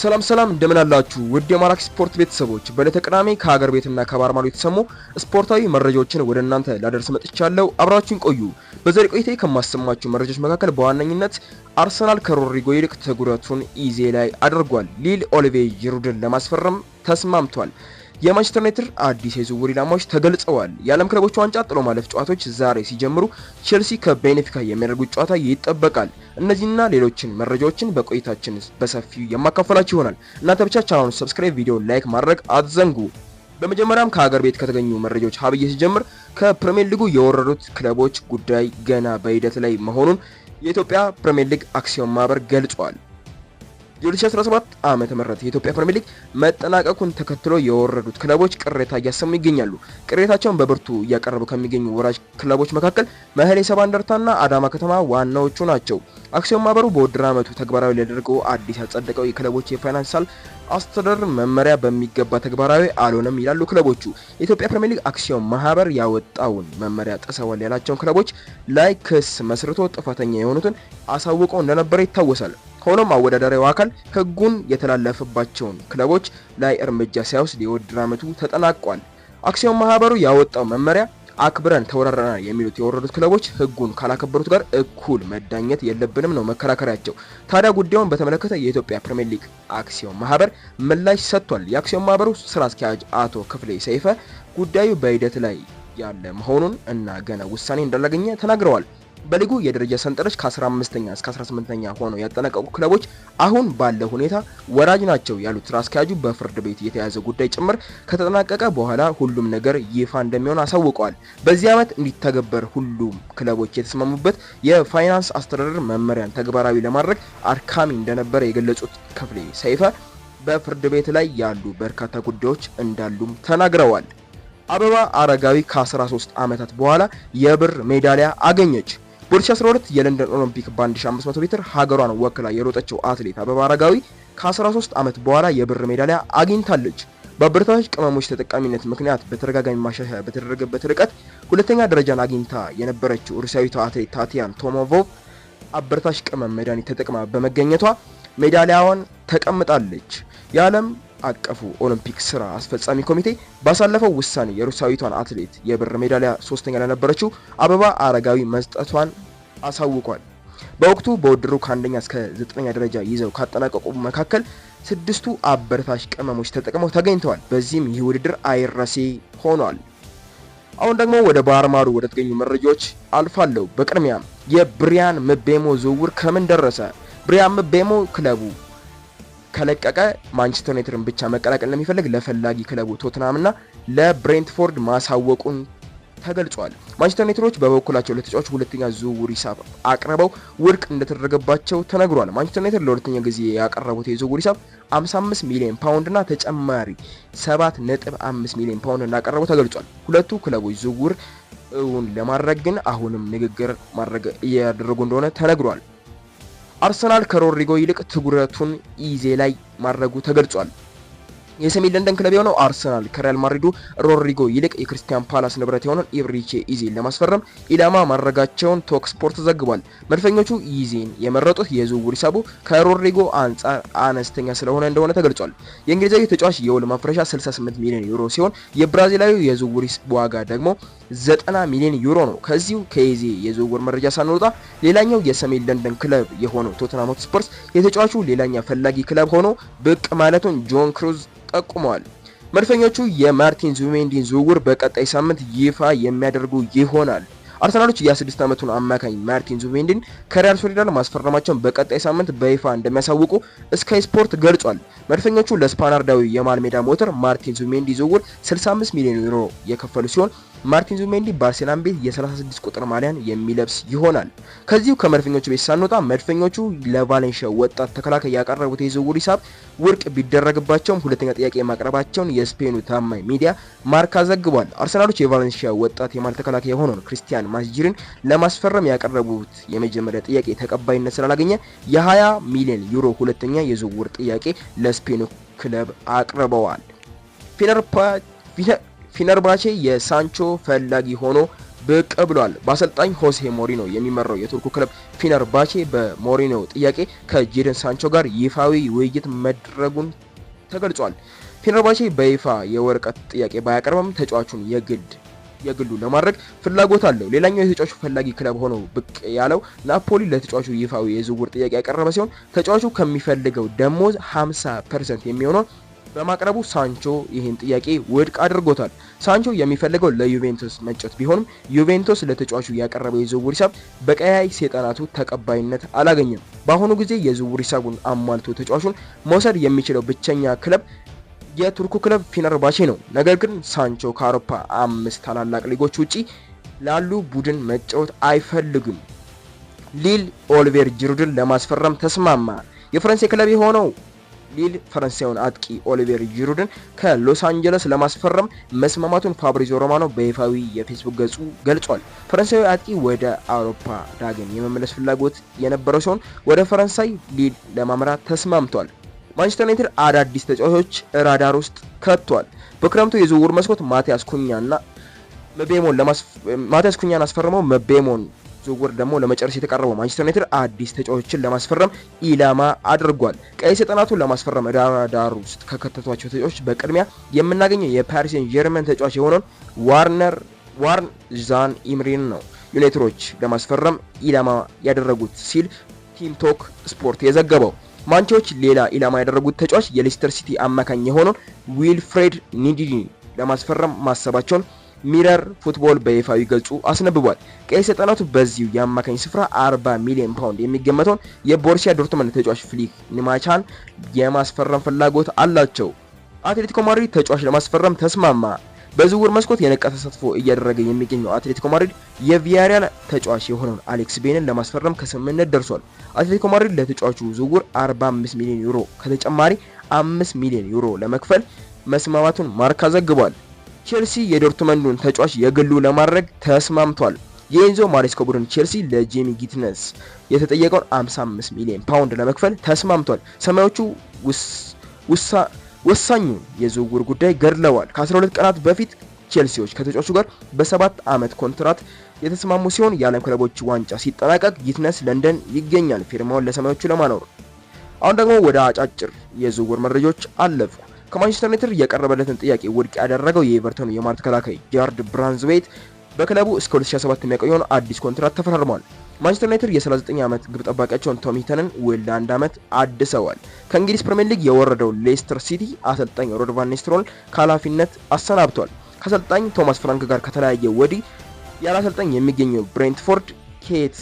ሰላም ሰላም እንደምን አላችሁ ውድ የማራኪ ስፖርት ቤተሰቦች፣ በዕለተ ቅዳሜ ከሀገር ቤትና ከባህር ማዶ የተሰሙ ስፖርታዊ መረጃዎችን ወደ እናንተ ላደርስ መጥቻለሁ። አብራችሁን ቆዩ። በዘሪ ቆይታዬ ከማሰማችሁ መረጃዎች መካከል በዋነኝነት አርሰናል ከሮድሪጎ ይልቅ ትኩረቱን ኢዜ ላይ አድርጓል። ሊል ኦሊቬ ጂሩድን ለማስፈረም ተስማምቷል። የማንቸስተር ዩናይትድ አዲስ የዝውውር ኢላማዎች ተገልጸዋል። የዓለም ክለቦች ዋንጫ ጥሎ ማለፍ ጨዋታዎች ዛሬ ሲጀምሩ ቼልሲ ከቤኔፊካ የሚያደርጉት ጨዋታ ይጠበቃል። እነዚህና ሌሎችን መረጃዎችን በቆይታችን በሰፊው የማካፈላችሁ ይሆናል። እናንተ ብቻ ቻናሉን ሰብስክራይብ፣ ቪዲዮ ላይክ ማድረግ አትዘንጉ። በመጀመሪያም ከሀገር ቤት ከተገኙ መረጃዎች ሀብዬ ሲጀምር ከፕሪሚየር ሊጉ የወረዱት ክለቦች ጉዳይ ገና በሂደት ላይ መሆኑን የኢትዮጵያ ፕሪሚየር ሊግ አክሲዮን ማህበር ገልጿል። የ2017 ዓመተ ምህረት የኢትዮጵያ ፕሪሚየር ሊግ መጠናቀቁን ተከትሎ የወረዱት ክለቦች ቅሬታ እያሰሙ ይገኛሉ። ቅሬታቸውን በብርቱ እያቀረቡ ከሚገኙ ወራጅ ክለቦች መካከል መቀሌ ሰባ እንደርታና አዳማ ከተማ ዋናዎቹ ናቸው። አክሲዮን ማህበሩ በውድድር ዓመቱ ተግባራዊ ሊያደርገው አዲስ ያጸደቀው የክለቦች የፋይናንሻል አስተዳደር መመሪያ በሚገባ ተግባራዊ አልሆነም ይላሉ ክለቦቹ። የኢትዮጵያ ፕሪሚየር ሊግ አክሲዮን ማህበር ያወጣውን መመሪያ ጥሰዋል ያላቸውን ክለቦች ላይ ክስ መስርቶ ጥፋተኛ የሆኑትን አሳውቀው እንደነበረ ይታወሳል። ሆኖም አወዳዳሪው አካል ህጉን የተላለፈባቸውን ክለቦች ላይ እርምጃ ሳይወስድ የውድድር ዓመቱ ተጠናቋል። አክሲዮን ማህበሩ ያወጣው መመሪያ አክብረን ተወራረናል የሚሉት የወረዱት ክለቦች ህጉን ካላከበሩት ጋር እኩል መዳኘት የለብንም ነው መከራከሪያቸው። ታዲያ ጉዳዩን በተመለከተ የኢትዮጵያ ፕሪምየር ሊግ አክሲዮን ማህበር ምላሽ ሰጥቷል። የአክሲዮን ማህበሩ ስራ አስኪያጅ አቶ ክፍሌ ሰይፈ ጉዳዩ በሂደት ላይ ያለ መሆኑን እና ገና ውሳኔ እንዳላገኘ ተናግረዋል። በሊጉ የደረጃ ሰንጠረዥ ከ15ኛ እስከ 18ኛ ሆነው ያጠናቀቁ ክለቦች አሁን ባለው ሁኔታ ወራጅ ናቸው ያሉት ስራ አስኪያጁ በፍርድ ቤት የተያዘ ጉዳይ ጭምር ከተጠናቀቀ በኋላ ሁሉም ነገር ይፋ እንደሚሆን አሳውቀዋል። በዚህ ዓመት እንዲተገበር ሁሉም ክለቦች የተስማሙበት የፋይናንስ አስተዳደር መመሪያን ተግባራዊ ለማድረግ አድካሚ እንደነበረ የገለጹት ክፍሌ ሰይፈ በፍርድ ቤት ላይ ያሉ በርካታ ጉዳዮች እንዳሉም ተናግረዋል። አበባ አረጋዊ ከ13 ዓመታት በኋላ የብር ሜዳሊያ አገኘች። 2012 የለንደን ኦሎምፒክ በ1500 ሜትር ሀገሯን ወክላ የሮጠችው አትሌት አበባ አረጋዊ ከ13 ዓመት በኋላ የብር ሜዳሊያ አግኝታለች። በአበረታች ቅመሞች ተጠቃሚነት ምክንያት በተደጋጋሚ ማሻሻያ በተደረገበት ርቀት ሁለተኛ ደረጃን አግኝታ የነበረችው ሩሲያዊቷ አትሌት ታቲያን ቶሞቮ አበረታች ቅመም መድኃኒት ተጠቅማ በመገኘቷ ሜዳሊያዋን ተቀምጣለች። የዓለም አቀፉ ኦሎምፒክ ስራ አስፈጻሚ ኮሚቴ ባሳለፈው ውሳኔ የሩሳዊቷን አትሌት የብር ሜዳሊያ ሶስተኛ ለነበረችው አበባ አረጋዊ መስጠቷን አሳውቋል። በወቅቱ በውድድሩ ከአንደኛ እስከ ዘጠነኛ ደረጃ ይዘው ካጠናቀቁ መካከል ስድስቱ አበረታች ቅመሞች ተጠቅመው ተገኝተዋል። በዚህም ይህ ውድድር አይረሴ ሆኗል። አሁን ደግሞ ወደ ባህር ማዶ ወደ ተገኙ መረጃዎች አልፋለሁ። በቅድሚያም የብሪያን ምቤሞ ዝውውር ከምን ደረሰ? ብሪያን ምቤሞ ክለቡ ከለቀቀ ማንቸስተር ዩናይትድን ብቻ መቀላቀል እንደሚፈልግ ለፈላጊ ክለቡ ቶትናምና ለብሬንትፎርድ ማሳወቁን ተገልጿል። ማንቸስተር ዩናይትዶች በበኩላቸው ለተጫዋቹ ሁለተኛ ዝውውር ሂሳብ አቅርበው ውድቅ እንደተደረገባቸው ተነግሯል። ማንቸስተር ዩናይትድ ለሁለተኛ ጊዜ ያቀረቡት የዝውውር ሂሳብ 55 ሚሊዮን ፓውንድ እና ተጨማሪ 7.5 ሚሊዮን ፓውንድ እንዳቀረበው ተገልጿል። ሁለቱ ክለቦች ዝውውር እውን ለማድረግ ግን አሁንም ንግግር ማድረግ እያደረጉ እንደሆነ ተነግሯል። አርሰናል ከሮድሪጎ ይልቅ ትኩረቱን ኢዜ ላይ ማድረጉ ተገልጿል። የሰሜን ለንደን ክለብ የሆነው አርሰናል ከሪያል ማድሪዱ ሮድሪጎ ይልቅ የክርስቲያን ፓላስ ንብረት የሆነውን ኢብሪቼ ኢዜን ለማስፈረም ኢላማ ማድረጋቸውን ቶክ ስፖርት ዘግቧል። መድፈኞቹ ኢዜን የመረጡት የዝውውር ሂሳቡ ከሮድሪጎ አንጻር አነስተኛ ስለሆነ እንደሆነ ተገልጿል። የእንግሊዛዊ ተጫዋች የውል ማፍረሻ 68 ሚሊዮን ዩሮ ሲሆን የብራዚላዊ የዝውውር ዋጋ ደግሞ 90 ሚሊዮን ዩሮ ነው። ከዚሁ ከኢዜ የዝውውር መረጃ ሳንወጣ ሌላኛው የሰሜን ለንደን ክለብ የሆነው ቶተንሃም ሆትስፐርስ የተጫዋቹ ሌላኛ ፈላጊ ክለብ ሆኖ ብቅ ማለቱን ጆን ክሩዝ ጠቁመዋል። መድፈኞቹ የማርቲን ዙሜንዲን ዝውውር በቀጣይ ሳምንት ይፋ የሚያደርጉ ይሆናል። አርሰናሎች የ26 ዓመቱን አማካኝ ማርቲን ዙቤንዲን ከሪያል ሶሊዳድ ማስፈረማቸውን በቀጣይ ሳምንት በይፋ እንደሚያሳውቁ ስካይ ስፖርት ገልጿል። መድፈኞቹ ለስፓናርዳዊ የማል ሜዳ ሞተር ማርቲን ዙሜንዲ ዝውውር 65 ሚሊዮን ዩሮ የከፈሉ ሲሆን ማርቲን ዙሜንዲ በአርሴናል ቤት የ36 ቁጥር ማሊያን የሚለብስ ይሆናል። ከዚሁ ከመድፈኞቹ ቤት ሳንወጣ መድፈኞቹ ለቫሌንሺያ ወጣት ተከላካይ ያቀረቡት የዝውውር ሂሳብ ውድቅ ቢደረግባቸውም ሁለተኛ ጥያቄ ማቅረባቸውን የስፔኑ ታማኝ ሚዲያ ማርካ ዘግቧል። አርሰናሎች የቫሌንሺያ ወጣት የማል ተከላካይ የሆነውን ክርስቲያን ማስጅርን ለማስፈረም ያቀረቡት የመጀመሪያ ጥያቄ ተቀባይነት ስላላገኘ የ20 ሚሊዮን ዩሮ ሁለተኛ የዝውውር ጥያቄ ለስፔኑ ክለብ አቅርበዋል። ፊነርባቼ የሳንቾ ፈላጊ ሆኖ ብቅ ብሏል። በአሰልጣኝ ሆሴ ሞሪኖ የሚመራው የቱርኩ ክለብ ፊነርባቼ በሞሪኖ ጥያቄ ከጄደን ሳንቾ ጋር ይፋዊ ውይይት መድረጉን ተገልጿል። ፊነርባቼ በይፋ የወረቀት ጥያቄ ባያቀርበም ተጫዋቹን የግድ የግሉ ለማድረግ ፍላጎት አለው። ሌላኛው የተጫዋቹ ፈላጊ ክለብ ሆኖ ብቅ ያለው ናፖሊ ለተጫዋቹ ይፋዊ የዝውውር ጥያቄ ያቀረበ ሲሆን ተጫዋቹ ከሚፈልገው ደሞዝ 50 ፐርሰንት የሚሆነው በማቅረቡ ሳንቾ ይህን ጥያቄ ውድቅ አድርጎታል። ሳንቾ የሚፈልገው ለዩቬንቱስ መጫወት ቢሆንም ዩቬንቱስ ለተጫዋቹ ያቀረበው የዝውውር ሂሳብ በቀያይ ሰይጣናቱ ተቀባይነት አላገኘም። በአሁኑ ጊዜ የዝውውር ሂሳቡን አሟልቶ ተጫዋቹን መውሰድ የሚችለው ብቸኛ ክለብ የቱርኩ ክለብ ፊነርባቼ ነው። ነገር ግን ሳንቾ ከአውሮፓ አምስት ታላላቅ ሊጎች ውጪ ላሉ ቡድን መጫወት አይፈልግም። ሊል ኦሊቬር ጅሩድን ለማስፈረም ተስማማ። የፈረንሳይ ክለብ የሆነው ሊል ፈረንሳዩን አጥቂ ኦሊቬር ጅሩድን ከሎስ አንጀለስ ለማስፈረም መስማማቱን ፋብሪዞ ሮማኖ በይፋዊ የፌስቡክ ገጹ ገልጿል። ፈረንሳዊ አጥቂ ወደ አውሮፓ ዳግም የመመለስ ፍላጎት የነበረው ሲሆን ወደ ፈረንሳይ ሊል ለማምራት ተስማምቷል። ማንቸስተር ዩናይትድ አዳዲስ ተጫዋቾች ራዳር ውስጥ ከቷል። በክረምቱ የዝውውር መስኮት ማቲያስ ኩኛና መቤሞን ማቲያስ ኩኛን አስፈርመው መቤሞን ዝውውር ደግሞ ለመጨረስ የተቃረበው ማንቸስተር ዩናይትድ አዲስ ተጫዋቾችን ለማስፈረም ኢላማ አድርጓል። ቀይ ሰይጣናቱ ለማስፈረም ራዳር ውስጥ ከከተቷቸው ተጫዋቾች በቅድሚያ የምናገኘው የፓሪስ ጀርመን ተጫዋች የሆነውን ዋርነር ዋርን ዛን ኢምሪን ነው ዩናይትዶች ለማስፈረም ኢላማ ያደረጉት ሲል ቲም ቶክ ስፖርት የዘገበው። ማንቾች ሌላ ኢላማ ያደረጉት ተጫዋች የሌስተር ሲቲ አማካኝ የሆነውን ዊልፍሬድ ኒዲኒ ለማስፈረም ማሰባቸውን ሚረር ፉትቦል በይፋዊ ገጹ አስነብቧል። ቀይ ሰይጣናቱ በዚሁ የአማካኝ ስፍራ 40 ሚሊዮን ፓውንድ የሚገመተውን የቦርሲያ ዶርትመንድ ተጫዋች ፍሊክ ኒማቻን የማስፈረም ፍላጎት አላቸው። አትሌቲኮ ማድሪድ ተጫዋች ለማስፈረም ተስማማ። በዝውውር መስኮት የነቃ ተሳትፎ እያደረገ የሚገኘው አትሌቲኮ ማድሪድ የቪያሪያል ተጫዋች የሆነውን አሌክስ ቤንን ለማስፈረም ከስምምነት ደርሷል። አትሌቲኮ ማድሪድ ለተጫዋቹ ዝውውር 45 ሚሊዮን ዩሮ ከተጨማሪ 5 ሚሊዮን ዩሮ ለመክፈል መስማማቱን ማርካ ዘግቧል። ቼልሲ የዶርትመንዱን ተጫዋች የግሉ ለማድረግ ተስማምቷል። የኢንዞ ማሬስኮ ቡድን ቼልሲ ለጄሚ ጊትነስ የተጠየቀውን 55 ሚሊዮን ፓውንድ ለመክፈል ተስማምቷል። ሰማዮቹ ውሳ ወሳኙን የዝውውር ጉዳይ ገድለዋል። ከ12 ቀናት በፊት ቼልሲዎች ከተጫዋቹ ጋር በሰባት ዓመት ኮንትራት የተስማሙ ሲሆን የዓለም ክለቦች ዋንጫ ሲጠናቀቅ ይትነስ ለንደን ይገኛል ፊርማውን ለሰማዮቹ ለማኖር። አሁን ደግሞ ወደ አጫጭር የዝውውር መረጃዎች አለፍኩ። ከማንቸስተር ዩናይትድ የቀረበለትን ጥያቄ ውድቅ ያደረገው የኤቨርተኑ የማርት ተከላካይ ጃርድ ብራንዝዌይት በክለቡ እስከ 2027 የሚያቆየውን አዲስ ኮንትራት ተፈራርሟል። ማንቸስተር ዩናይትድ የ39 ዓመት ግብ ጠባቂያቸውን ቶም ሂተንን ውል ለአንድ ዓመት አድሰዋል። ከእንግሊዝ ፕሪምየር ሊግ የወረደው ሌስተር ሲቲ አሰልጣኝ ሮድ ቫን ኒስተልሮይን ከኃላፊነት አሰናብቷል። ከአሰልጣኝ ቶማስ ፍራንክ ጋር ከተለያየ ወዲህ ያለ አሰልጣኝ የሚገኘው ብሬንትፎርድ ኬት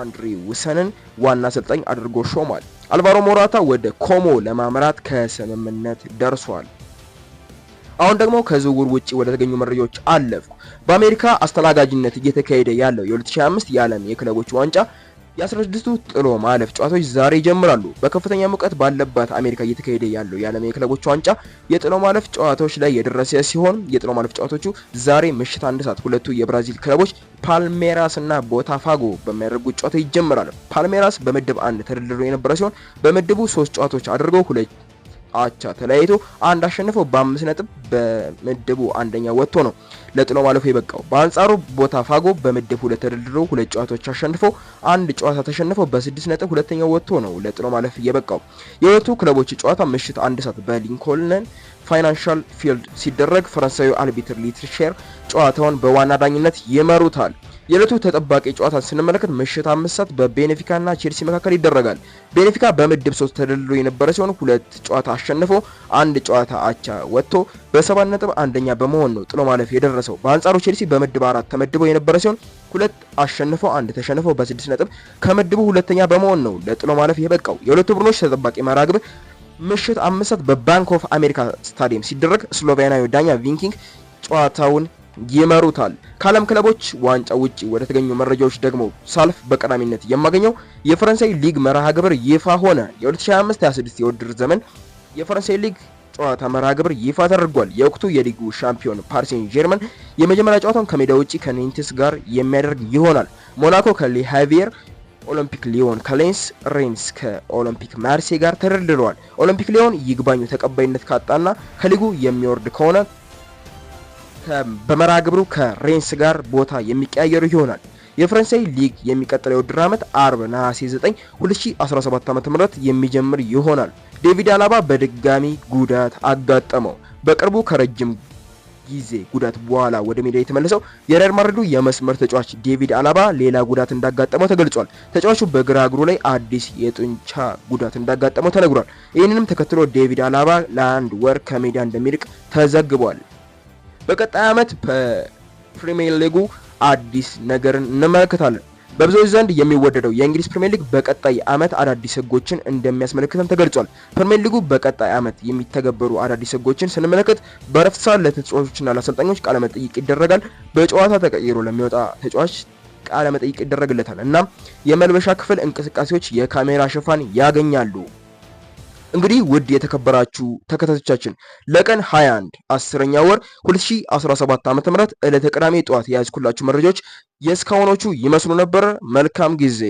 አንድሪ ውሰንን ዋና አሰልጣኝ አድርጎ ሾሟል። አልቫሮ ሞራታ ወደ ኮሞ ለማምራት ከስምምነት ደርሷል። አሁን ደግሞ ከዝውውር ውጪ ወደ ተገኙ መረጃዎች አለፍ። በአሜሪካ አስተናጋጅነት እየተካሄደ ያለው የ2025 የዓለም የክለቦች ዋንጫ የ16ቱ ጥሎ ማለፍ ጨዋታዎች ዛሬ ይጀምራሉ። በከፍተኛ ሙቀት ባለባት አሜሪካ እየተካሄደ ያለው የዓለም የክለቦች ዋንጫ የጥሎ ማለፍ ጨዋታዎች ላይ የደረሰ ሲሆን የጥሎ ማለፍ ጨዋታዎቹ ዛሬ ምሽት አንድ ሰዓት ሁለቱ የብራዚል ክለቦች ፓልሜራስ እና ቦታፋጎ በሚያደርጉት ጨዋታ ይጀምራል። ፓልሜራስ በምድብ አንድ ተደርድሮ የነበረ ሲሆን በምድቡ ሶስት ጨዋታዎች አድርገው ሁለት አቻ ተለያይቶ አንድ አሸንፎ በአምስት ነጥብ በምድቡ አንደኛ ወጥቶ ነው ለጥሎ ማለፉ የበቃው። በአንጻሩ ቦታፋጎ በምድብ ሁለት ተደርድሮ ሁለት ጨዋታዎች አሸንፎ አንድ ጨዋታ ተሸንፎ በስድስት ነጥብ ሁለተኛው ወጥቶ ነው ለጥሎ ማለፍ የበቃው። የሁለቱ ክለቦች ጨዋታ ምሽት አንድ ሰዓት በሊንኮልነን ፋይናንሻል ፊልድ ሲደረግ ፈረንሳዊ አልቢትር ሊትር ሼር ጨዋታውን በዋና ዳኝነት ይመሩታል። የዕለቱ ተጠባቂ ጨዋታን ስንመለከት ምሽት አምስት ሰዓት በቤኔፊካና ቼልሲ መካከል ይደረጋል። ቤኔፊካ በምድብ ሶስት ተደልድሎ የነበረ ሲሆን ሁለት ጨዋታ አሸንፎ አንድ ጨዋታ አቻ ወጥቶ በሰባት ነጥብ አንደኛ በመሆን ነው ጥሎ ማለፍ የደረሰው። በአንጻሩ ቼልሲ በምድብ አራት ተመድቦ የነበረ ሲሆን ሁለት አሸንፎ አንድ ተሸንፎ በስድስት ነጥብ ከምድቡ ሁለተኛ በመሆን ነው ለጥሎ ማለፍ የበቃው። የሁለቱ ቡድኖች ተጠባቂ መራግብ ምሽት አምስት ሰዓት በባንክ ኦፍ አሜሪካ ስታዲየም ሲደረግ ስሎቬናዊ ዳኛ ቪንኪንግ ጨዋታውን ይመሩታል። ከዓለም ክለቦች ዋንጫ ውጪ ወደ ተገኙ መረጃዎች ደግሞ ሳልፍ በቀዳሚነት የማገኘው የፈረንሳይ ሊግ መርሃ ግብር ይፋ ሆነ። የ2025/26 የውድድር ዘመን የፈረንሳይ ሊግ ጨዋታ መርሃ ግብር ይፋ ተደርጓል። የወቅቱ የሊጉ ሻምፒዮን ፓሪስ ሴን ጀርመን የመጀመሪያ ጨዋታውን ከሜዳ ውጪ ከኔንትስ ጋር የሚያደርግ ይሆናል። ሞናኮ ከሌ ሃቪየር ኦሎምፒክ ሊዮን ከሌንስ ሬንስ ከኦሎምፒክ ማርሴ ጋር ተደርድረዋል። ኦሎምፒክ ሊዮን ይግባኙ ተቀባይነት ካጣና ከሊጉ የሚወርድ ከሆነ በመርሃ ግብሩ ከሬንስ ጋር ቦታ የሚቀያየሩ ይሆናል። የፈረንሳይ ሊግ የሚቀጥለው የውድድር ዓመት አርብ ነሐሴ 9 2017 ዓ.ም የሚጀምር ይሆናል። ዴቪድ አላባ በድጋሚ ጉዳት አጋጠመው። በቅርቡ ከረጅም ጊዜ ጉዳት በኋላ ወደ ሜዳ የተመለሰው የሪያል ማድሪዱ የመስመር ተጫዋች ዴቪድ አላባ ሌላ ጉዳት እንዳጋጠመው ተገልጿል። ተጫዋቹ በግራ እግሩ ላይ አዲስ የጡንቻ ጉዳት እንዳጋጠመው ተነግሯል። ይህንንም ተከትሎ ዴቪድ አላባ ለአንድ ወር ከሜዳ እንደሚርቅ ተዘግቧል። በቀጣይ ዓመት በፕሪሚየር ሊጉ አዲስ ነገርን እንመለከታለን። በብዙዎች ዘንድ የሚወደደው የእንግሊዝ ፕሪሚየር ሊግ በቀጣይ ዓመት አዳዲስ ህጎችን እንደሚያስመለክተን ተገልጿል። ፕሪሚየር ሊጉ በቀጣይ ዓመት የሚተገበሩ አዳዲስ ህጎችን ስንመለከት በረፍት ሰዓት ለተጫዋቾችና ለአሰልጣኞች ቃለመጠይቅ ይደረጋል። በጨዋታ ተቀይሮ ለሚወጣ ተጫዋች ቃለመጠይቅ ይደረግለታል እና የመልበሻ ክፍል እንቅስቃሴዎች የካሜራ ሽፋን ያገኛሉ። እንግዲህ ውድ የተከበራችሁ ተከታታዮቻችን ለቀን 21 አስረኛ ወር 2017 ዓ.ም ዕለተ ቅዳሜ ጠዋት የያዝኩላችሁ መረጃዎች የእስካሁኖቹ ይመስሉ ነበር። መልካም ጊዜ